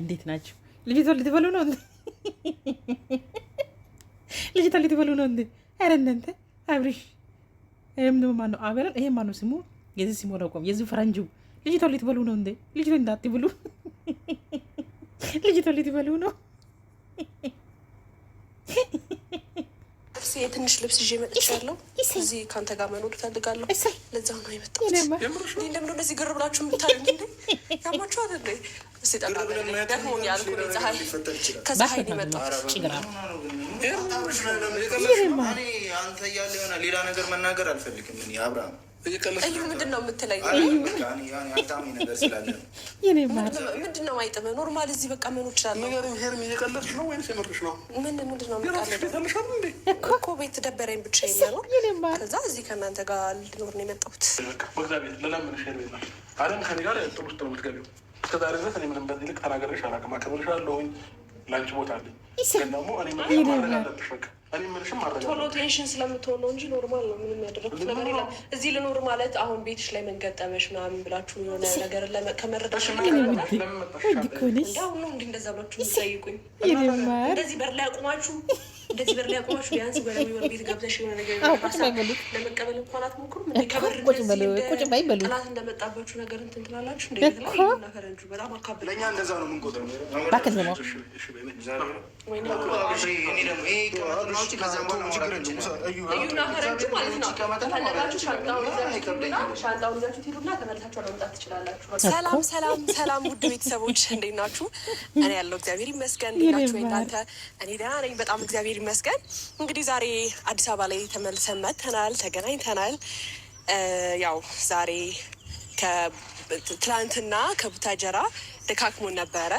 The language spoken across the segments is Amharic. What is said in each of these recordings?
እንዴት ናቸው? ልጅቷ ልትበሉ ነው እንዴ? ልጅቷ ልትበሉ ነው እንዴ? ኧረ እናንተ አብሪሽ ይህም ደግሞ ማነው? አበላን ይሄ ማነው ስሙ? የዚህ ስሙ አላውቀውም። የዚህ ፈረንጁ ልጅቷ ልትበሉ ነው እንዴ? ልጅቷ እንዳትብሉ፣ ልጅቷ ልትበሉ ነው። የትንሽ ልብስ ይዤ መጥቻለሁ። እዚህ ከአንተ ጋር መኖር እፈልጋለሁ። ለዛ ነው የመጣሁት። ለምዶ እንደዚህ ግር ብላችሁ የምታዩ ያማችኋት እንዴ? ሌላ ነገር መናገር አልፈልግም። አብርሃም እዩ ምንድን ነው የምትለኝ? ምንድን ነው አይጥም ኖርማል እዚህ በቃ መኖር እችላለሁ። ቤት ደበረኝ ብቻ የሚያኖር ከዛ እዚህ ከእናንተ ጋር ልኖር ነው የመጣሁት። እስከዛሬ ድረስ እኔ ምንም በዚህ ልክ ተናገርሽ አላውቅም። አከብርሻለሁኝ፣ ለአንቺ ቦታ አለኝ። ግን ደግሞ እኔ ምንም ማድረግ አለብሽ በቃ ቶሎ ቴንሽን ስለምትሆን ነው እንጂ ኖርማል ነው። ምንም ያደረኩት ነገር የለም። እዚህ ልኖር ማለት አሁን ቤትሽ ላይ መንገጠመሽ ምናምን ብላችሁ የሆነ ነገር ከመረዳሽ ሁሉ እንዲ እንደዛ ብላችሁ ጠይቁኝ። እንደዚህ በር ላይ አቁማችሁ እንደዚህ በር ላይ አቁማሽ ቢያንስ ቤት የሆነ ነገር ለመቀበል እንኳን አትሞክሩም። ቁጭ በይ በሉ። እንደመጣባችሁ ነገር እንትን ትላላችሁ። ፈረንጁ በጣም እንደዛ ነው እዩና ፈረንጁ ማለት ነው። ከፈለጋችሁ ሻንጣውን ይዛችሁ ትሄዱና ተመልሳችሁ ለመምጣት ትችላላችሁ። ሰላም ሰላም ሰላም፣ ውድ ቤተሰቦች እንዴት ናችሁ? እኔ ያለው እግዚአብሔር ይመስገን። እንዴት ናችሁ እናንተ? እኔ ደህና ነኝ በጣም እግዚአብሔር እግዚአብሔር ይመስገን። እንግዲህ ዛሬ አዲስ አበባ ላይ ተመልሰን መጥተናል፣ ተገናኝተናል። ያው ዛሬ ትላንትና ከቡታጀራ ደካክሞን ነበረ።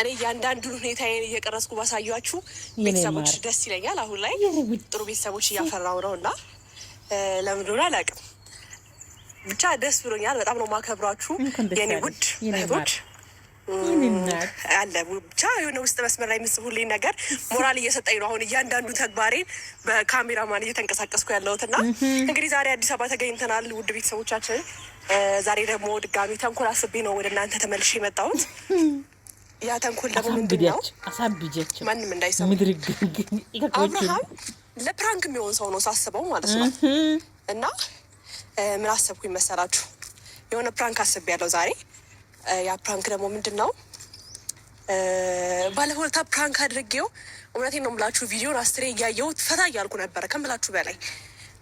እኔ እያንዳንዱን ሁኔታ እየቀረጽኩ ባሳያችሁ ቤተሰቦች ደስ ይለኛል። አሁን ላይ ጥሩ ቤተሰቦች እያፈራው ነው እና ለምን አላውቅም፣ ብቻ ደስ ብሎኛል። በጣም ነው ማከብሯችሁ የኔ ውድ እህቶች። አለ ብቻ የሆነ ውስጥ መስመር ላይ የምጽፉልኝ ነገር ሞራል እየሰጠኝ ነው። አሁን እያንዳንዱ ተግባሬን በካሜራማን እየተንቀሳቀስኩ ያለሁት እና እንግዲህ ዛሬ አዲስ አበባ ተገኝተናል፣ ውድ ቤተሰቦቻችን። ዛሬ ደግሞ ድጋሚ ተንኮል አስቤ ነው ወደ እናንተ ተመልሼ የመጣሁት። ያ ተንኮል ደግሞ ምንድን ነው? አሳብጃቸው ማንም እንዳይሰማ አብርሃም ለፕራንክ የሚሆን ሰው ነው ሳስበው ማለት ነው። እና ምን አሰብኩኝ መሰላችሁ? የሆነ ፕራንክ አስቤ ያለው ዛሬ ያ ፕራንክ ደግሞ ምንድን ነው? ባለፈው ፕራንክ አድርጌው እውነቴን ነው የምላችሁ ቪዲዮን አስሬ እያየሁት ፈታ እያልኩ ነበረ ከምላችሁ በላይ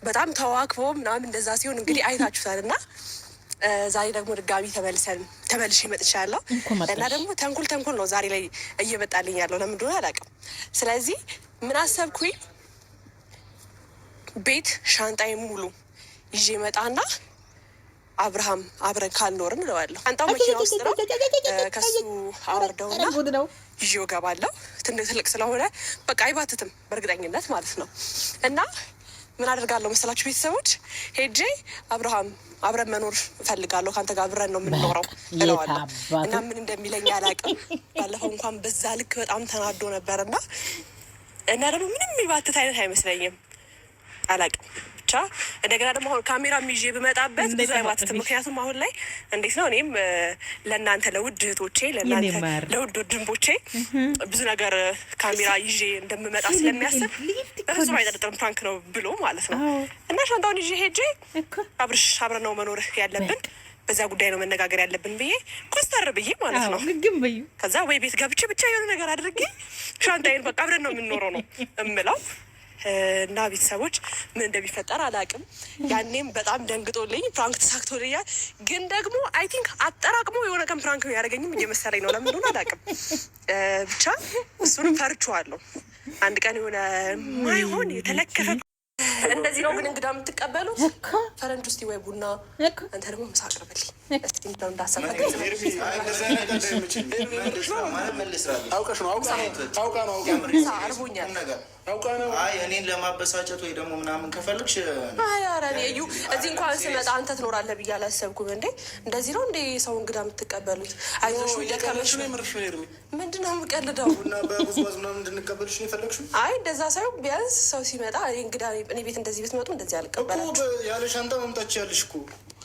በጣም ተዋክቦ ምናምን እንደዛ ሲሆን እንግዲህ አይታችሁታል እና ዛሬ ደግሞ ድጋሚ ተመልሰን ተመልሼ መጥቻለሁ እና ደግሞ ተንኩል ተንኩል ነው ዛሬ ላይ እየመጣልኝ ያለው ለምን እንደሆነ አላውቅም። ስለዚህ ምን አሰብኩኝ ቤት ሻንጣዬ ሙሉ ይዤ መጣና አብርሃም አብረን ካልኖርን እለዋለሁ። አንጣው መኪና ውስጥ ነው። ከሱ አወርደውና ይዤው እገባለሁ። ትልቅ ስለሆነ በቃ አይባትትም በእርግጠኝነት ማለት ነው እና ምን አደርጋለሁ መሰላችሁ ቤተሰቦች፣ ሄጄ አብርሃም አብረን መኖር እፈልጋለሁ ከአንተ ጋር አብረን ነው የምንኖረው እለዋለሁ እና ምን እንደሚለኝ አላውቅም። ባለፈው እንኳን በዛ ልክ በጣም ተናዶ ነበር እና እና ደግሞ ምንም የሚባትት አይነት አይመስለኝም አላውቅም ብቻ እንደገና ደግሞ አሁን ካሜራ ይዤ ብመጣበት ብዙ ምክንያቱም አሁን ላይ እንዴት ነው እኔም ለእናንተ ለውድ እህቶቼ ለእናንተ ለውድ ድንቦቼ ብዙ ነገር ካሜራ ይዤ እንደምመጣ ስለሚያስብ በፍጹም አይጠረጥርም ፕራንክ ነው ብሎ ማለት ነው። እና ሻንጣውን ይዤ ሄጄ አብርሽ አብረን ነው መኖር ያለብን በዛ ጉዳይ ነው መነጋገር ያለብን ብዬ ኮስተር ብዬ ማለት ነው። ከዛ ወይ ቤት ገብቼ ብቻ የሆነ ነገር አድርጌ ሻንጣዬን በቃ አብረን ነው የምንኖረው ነው እምለው እና ቤተሰቦች ምን እንደሚፈጠር አላውቅም። ያኔም በጣም ደንግጦልኝ ፕራንክ ተሳክቶልኛል። ግን ደግሞ አይ ቲንክ አጠራቅሞ የሆነ ቀን ፕራንክ ያደረገኝም እየመሰለኝ ነው። ለምንሆን እንደሆነ አላውቅም። ብቻ እሱንም ፈርችዋለሁ። አንድ ቀን የሆነ ማይሆን የተለከፈ እንደዚህ ነው። ግን እንግዳ የምትቀበሉት ፈረንጅ ውስጥ ወይ ቡና፣ አንተ ደግሞ ምሳ አቅርብልኝ እኔን ለማበሳጨት ወይ ደግሞ ምናምን ከፈልግሽ ዩ እዚህ እንኳን ስመጣ አንተ ትኖራለህ ብዬ አላሰብኩም። እንዴ እንደዚህ ነው እንዴ ሰው እንግዳ የምትቀበሉት? አይዞሽ ምንድን ነው የምቀልደው? አይ እንደዛ ሳይሆን ቢያንስ ሰው ሲመጣ እንግዳ እኔ ቤት እንደዚህ ብትመጡ እንደዚህ አልቀበላችሁም። ያለ ሻንጣ መምጣት ያለሽ እኮ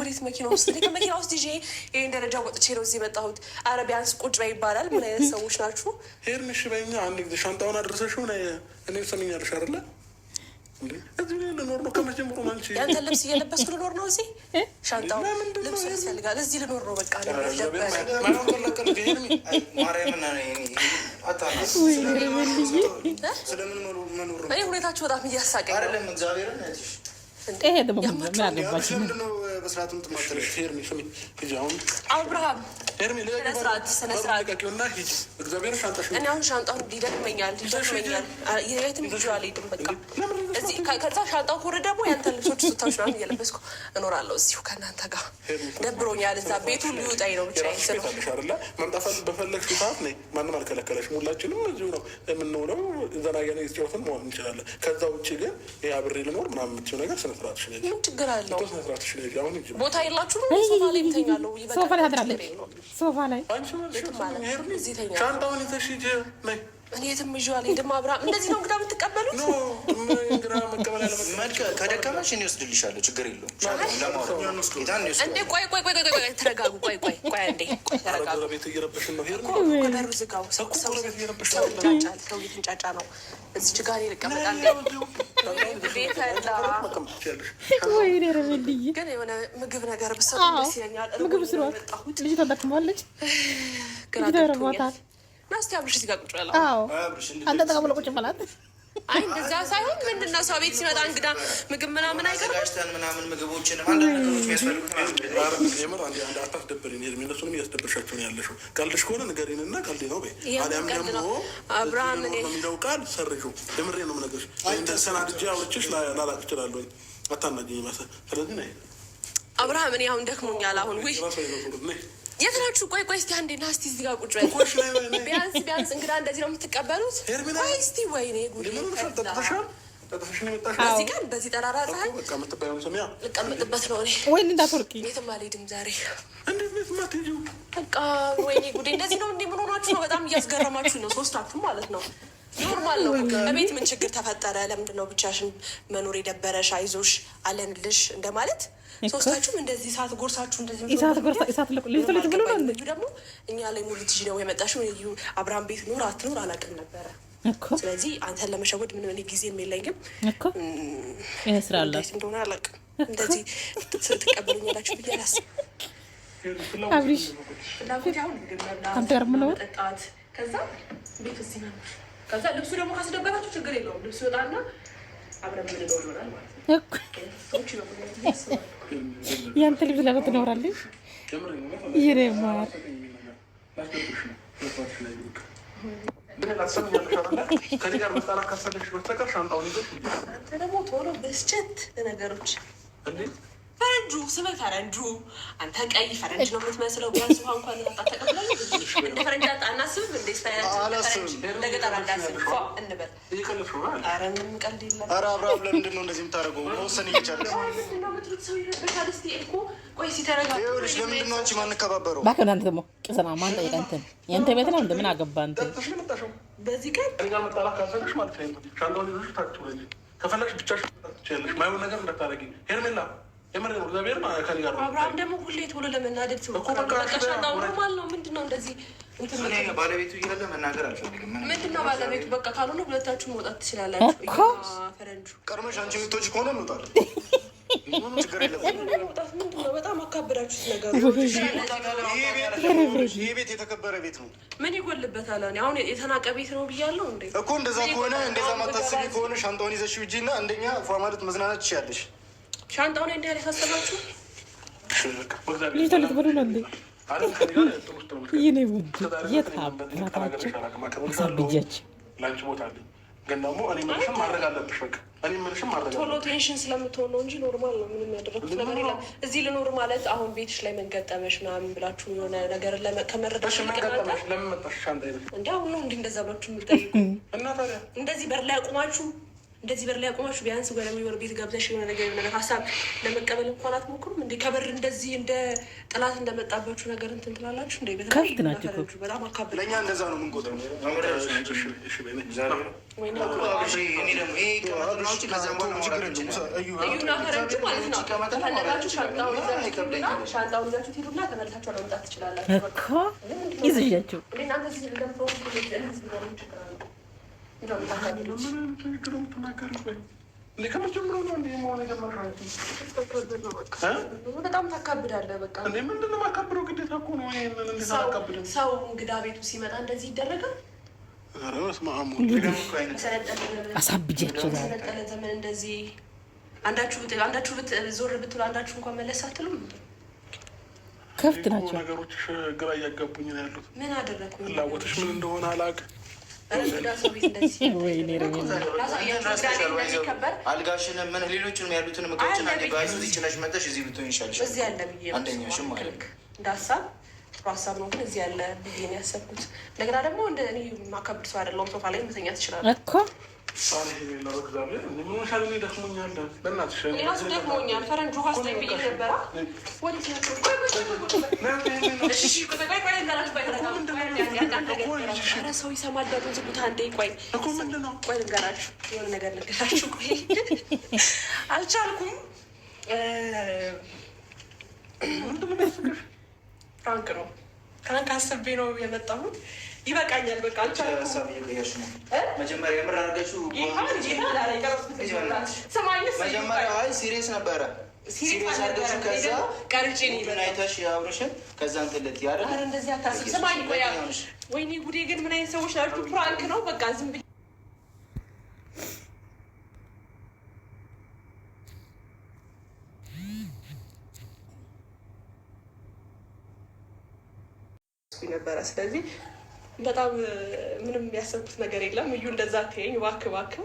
ወዴት መኪና ውስጥ እኔ ከመኪና ውስጥ ይዤ ይሄን ደረጃ ወጥቼ ነው እዚህ የመጣሁት። ኧረ ቢያንስ ቁጭ በይ ይባላል። ምን አይነት ሰዎች ናችሁ? ሄድን እሺ በይኛ አንድ ጊዜ ሻንጣውን አድርሰሽ ሆነ እኔ አይደለ? እዚህ ልኖር ነው ከመጀመሩ አንቺ ያንተ ልብስ እየለበስኩ ልኖር ነው እዚህ ሻንጣው ልብስ ያስፈልጋል። እዚህ ልኖር ነው በቃ ሁኔታችሁ በጣም እያሳቀኝ ነው። በስርዓቱም ትማተለች ሄርሚ ሂጂ። አሁን አብርሃም ሄርሚ ስነስርዓት ስነስርዓት ና ሂጂ። እግዚአብሔር ሻንጣሽ እኔ አሁን ሻንጣውን ይደክመኛል ይደክመኛል። የትም ሂጂ አልሄድም። በቃ እዚህ ከዛ ሻንጣው ኮር ደግሞ ያንተ ልብሶች ስታሽ ና እየለበስኩ እኖራለሁ እዚሁ ከእናንተ ጋር። ደብሮኛል። እዛ ቤቱ ሊውጣኝ ነው ብቻ ስለሆነሽ አለ መምጣት በፈለግሽ ሰዓት ነ ማንም አልከለከለሽ። ሁላችንም እዚሁ ነው የምንውለው። ዘና ገና ስጨወትን መሆን እንችላለን። ከዛ ውጭ ግን ይህ አብሬ ልኖር ምናምን የምትይው ነገር ስነስርዓትሽ ነ ምን ችግር አለው? ስነስርዓትሽ ነ አሁን ቦታ የላችሁም። ሶፋ ላይ ተኛለሁ። ሶፋ ላይ ሶፋ ላይ ሻንጣውን የትም ይዤው አልሄድም። አብራ እንደዚህ ነው እንግዳ የምትቀበሉት? ከደከመሽ እኔ ወስድልሻለሁ፣ ችግር የለውም። እንደ ቆይ ቆይ ቆይ ተረጋጉ። ቆይ ቆይ ቆይ ተረጋጉ። በሩ ዝጋው። ሰው ሰው እየተንጫጫ ነው። እዚች ጋር ግን የሆነ ምግብ ነገር ብሰ ደስ ይለኛል። ምግብ ልጅ ተጠቅሟለች፣ ግራ እና እስኪ አብርሽ እዚህ ጋር ቁጭ በላ። አንተ ቁጭ በላት። አይ እንደዛ ሳይሆን ምንድን ነው ሰው ቤት ሲመጣ እንግዳ ምግብ ምናምን አይቀርም ምናምን ምግቦችን እያስደብርሻቸው ነው ያለሽው። ቀልድሽ ከሆነ ቀልድ ነው አብርሃም የሚለው ቃል የምሬ ነው የምነግርሽ። ተሰናድጄ አውርቼሽ ላላቅ ስለዚህ አብርሃም እኔ አሁን ደክሞኛል አሁን የት ናችሁ? ቆይ ቆይ እስቲ አንዴ ና እስቲ እዚህ ጋር ቁጭ በይ። ቢያንስ ቢያንስ እንግዳ እንደዚህ ነው የምትቀበሉት? ቆይ እስቲ ወይኔ ጉድ በዚህ በዚህ ጠራራ ፀሐይ ልቀምጥበት ነው እኔ። ወይኔ እንዳትወርቂ። የትም አልሄድም ዛሬ። በቃ ወይኔ ጉዴ እንደዚህ ነው እንዴ? ምን ሆናችሁ ነው? በጣም እያስገረማችሁ ነው ሶስታችሁ ማለት ነው። ኖርማል ነው። እቤት ምን ችግር ተፈጠረ? ለምንድን ነው ብቻሽን መኖር የደበረሽ? አይዞሽ አለንልሽ እንደማለት ሶስታችሁም እንደዚህ እሳት ጎርሳችሁ እንደዚህ እሳት ብሎ ደግሞ እኛ ላይ ሙሉ ትጂ ነው የመጣሽው። አብርሃም ቤት ኑር አትኑር አላውቅም ነበረ። ስለዚህ አንተን ለመሸወድ ምንም ጊዜም የለኝም። ስራ አለ እንደሆነ አላውቅም። እንደዚህ ትቀበሉኛላችሁ ብዬ አላስብም። አብሪሽ አንተ ግን ምነው ጠጣት ከዛ ቤት እዚህ ነው ከዛ ልብሱ ደግሞ ካስደበራችሁ ችግር የለውም። ልብሱ ይወጣና አብረን ምንለው ይሆናል ማለት ነው። ያንተ ልብስ ለምን ትኖራለች? ይሬማር ደግሞ ቶሎ ብስጭት ነገሮች ፈረንጁ ስም ፈረንጁ አንተ ቀይ ፈረንጅ ነው የምትመስለው። ቢያንስ ውሃ እንኳን እንደ ፈረንጅ አናስብም። አብርሃም ለምንድን ነው እንደዚህ የምታደርገው? መወሰን እየቻለች ለምንድን ነው አንቺ ማንከባበረው? እባክህ እናንተ ደግሞ ቅዘና ማን ጠይቀህ እንትን የአንተ ቤት ነው እንደምን አገባህ እንትን በዚህ ቀን ከፈለግሽ ብቻሽን ትችያለሽ። ማይሆን ነገር እንዳታደርጊ ሄርሜላ የምር ነው። እግዚአብሔር ከእኔ ጋር አብርሃም ደግሞ ሁሌ ቶሎ ለመናደድ ኖርማል ነው። ምንድን ነው እንደዚህ ባለቤቱ እያለ መናገር አልፈልግም። ምንድን ነው ባለቤቱ በቃ ካልሆነ ሁለታችሁ መውጣት ትችላላችሁ። ፈረንጁ ቀድመሽ አንቺ የምትወጪ ከሆነ እንውጣለን። በጣም አካብዳችሁት ይህ ቤት የተከበረ ቤት ነው። ምን ይጎልበታል? አሁን የተናቀ ቤት ነው ብያለሁ እኮ። እንደዛ ከሆነ እንደዛ ማታስቢ ከሆነ ሻንጣውን ይዘሽ ሂጂ እና እንደኛ ፏ ማለት መዝናናት ትችያለሽ። ሻንጣው ላይ እንዲ ያለሳሰባችሁ ልጅቷ በሉ ነው እንዴ? ይኔ ውድ የት አባታቸው አሳብያች ግን ደግሞ እኔ የምልሽም ማድረግ አለብሽ። በቃ እኔ የምልሽም ማድረግ ቶሎ ቴንሽን ስለምትሆን ነው እንጂ ኖርማል ነው። ምንም ያደረኩት ነገር የለም። እዚህ ልኖር ማለት አሁን ቤትሽ ላይ መንገጠመሽ ምናምን ብላችሁ የሆነ ነገር ከመረዳሽ መንገጠመሽ ለምን መጣሽ? ሻንጣ ይበል እንዲ አሁን ነው እንዲ እንደዛ ብላችሁ የምጠይቁ እና ታዲያ እንደዚህ በር ላይ አቁማችሁ እንደዚህ በር ላይ አቁማችሁ ቢያንስ ወደ የሚሆነ ቤት ገብተሽ የሆነ ነገር የሆነ ሀሳብ ለመቀበል እንኳን አትሞክሩም እንዲ ከበር እንደዚህ እንደ ጥላት እንደመጣባችሁ ነገር እንትን ትላላችሁ ናቸው። በጣም ለእኛ እንደዛ ነው የምንቆጥረው። ማለት ነው። ከፈለጋችሁ ሻንጣውን ይዛችሁ ትሄዱና ተመልሳችሁ ለመምጣት ትችላላችሁ። ይዝያችሁ እናንተ ዚህ ነው ችግር ከመጀመሪያው በጣም ታካብዳለህ። በቃ ምንድን ነው የማካብደው? ግዴታ እኮ ነው። ይሄንን እንዴት ሰው እንግዳ ቤቱ ሲመጣ እንደዚህ ይደረጋል። አሳብጃቸው ሰለጠነ ዘመን እንደዚህ አንዳችሁ አንዳችሁ ዞር ብትሉ አንዳችሁ እንኳን መለስ አትሉም። ከፍት ናቸው ነገሮች። ግራ እያጋቡኝ ነው ያሉት። ምን አደረግኩ? ፍላጎትሽ ምን እንደሆነ አላውቅም አልጋሽን ምን ሌሎችንም ያሉትን እቃዎችን አንዴ በያዙ እዚህ ጭነሽ መጠሽ እዚህ ብትሆን ይሻልሽ። አንደኛሽም ማለት እንደ ሀሳብ ጥሩ ሀሳብ ነው፣ ግን እዚህ ያለ ብዬ ነው ያሰብኩት። እንደገና ደግሞ እንደ እኔ የማከብድ ሰው አይደለሁም። ሶፋ ላይ መተኛ ትችላለህ እኮ ደክሞኛል። ፈረንጁ ሀስተኝ ብዬ ነበራ ወደ ሰው ይሰማል። ዝጉታ አንዴ ቆይ ቆይ ልንገራችሁ፣ የሆነ ነገር ልንገራችሁ። ቆይ አልቻልኩም። ፍራንክ ነው ፍራንክ አስቤ ነው የመጣሁት። ይበቃኛል። በቃ አልቻልኩም። መጀመሪያ ሲሪየስ ነበረ ወይኔ ጉዴ ግን ምን አይነት ሰዎች ናችሁ? ፕራንክ ነው በቃ ዝም ብዬ ነበረ። ስለዚህ በጣም ምንም የሚያሰብኩት ነገር የለም። እዩ እንደዛ አትይኝ እባክህ እባክህ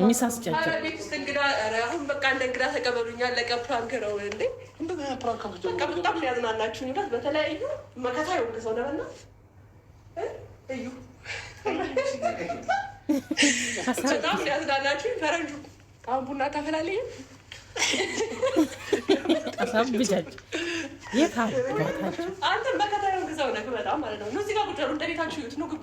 የሚሳስጫቸው አሁን በቃ እንደ እንግዳ ተቀበሉኝ። አለቀ። ፕራንክ ነው እንዴ? በጣም ያዝናናችሁኝ። በተለያዩ መከታ የወደሰው ነበርና እዩ በጣም ያዝናናችሁኝ። ፈረንጁ አሁን ቡና ታፈላልኝ አሳብጃቸው የት አባታቸው አንተን መከታ የወደሰው ነህ በጣም ማለት ነው። እዚህ ጋር ጉዳዩ እንደ ቤታችሁ ይሁት ነው ግቡ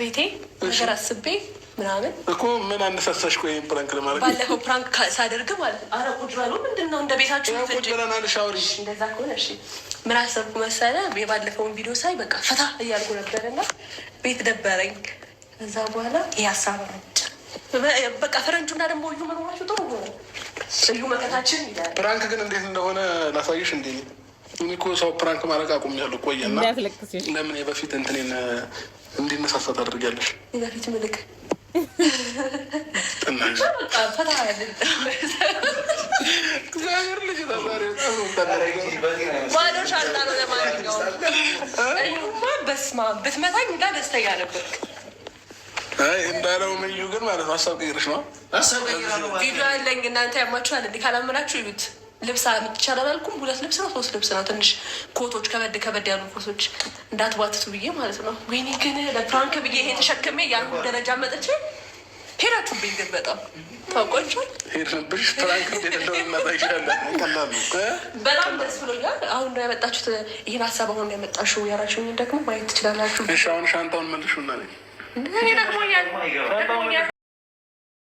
ቤቴ ነገር አስቤ ምናምን እኮ ምን አነሳሳሽ? ቆይ ፕራንክ ለማድረግ ባለፈው ፕራንክ ሳደርግ ማለት ነው። አረ ቁጭ በሉ ምንድን ነው እንደ ቤታችሁ እንደዛ ከሆነ እሺ። ምን አሰብኩ መሰለ የባለፈውን ቪዲዮ ሳይ በቃ ፈታ እያልኩ ነበር እና ቤት ደበረኝ። ከዛ በኋላ ይህ ሀሳብ መጫ በቃ ፈረንጁና ደግሞ እዩ መኖራችሁ ጥሩ ሆነ። እዩ መከታችን ይላል። ፕራንክ ግን እንዴት እንደሆነ ላሳይሽ እንዴ እኮ ሰው ፕራንክ ማድረግ አቁሜያለሁ። ቆየና ለምን የበፊት እንትኔን እንዲነሳሳ ታደርጊያለሽ። የበፊት ምልክ እግዚአብሔር ልጅ ባዶ ሻንጣ ነው። ለማንኛውም ብትመታኝ ደስተኛ ነበርክ። እንዳለው ምዩ ግን ማለት ሀሳብ ቀይረሽ ነው። ቪዲዮ አለኝ እናንተ ያማችኋል። እንዲህ ካላመናችሁ ይሉት ልብስ አምጥቻለሁ አላልኩም። ሁለት ልብስ ነው ሶስት ልብስ ነው። ትንሽ ኮቶች፣ ከበድ ከበድ ያሉ ኮቶች እንዳትባትቱ ብዬ ማለት ነው። ወይኔ ግን ለፍራንክ ብዬ ይሄ ተሸክሜ ያሉ ደረጃ መጥቼ ሄዳችሁብኝ። ግን በጣም ታውቋቸዋል። ሄድንብሽ ፍራንክ በጣም ደስ ብሎኛል። አሁን ነው ያመጣችሁት ይህን ሀሳብ አሁን ነው ያመጣችሁ። ያራችሁኝ ደግሞ ማየት ትችላላችሁ። አሁን ሻንጣውን መልሹና ደግሞ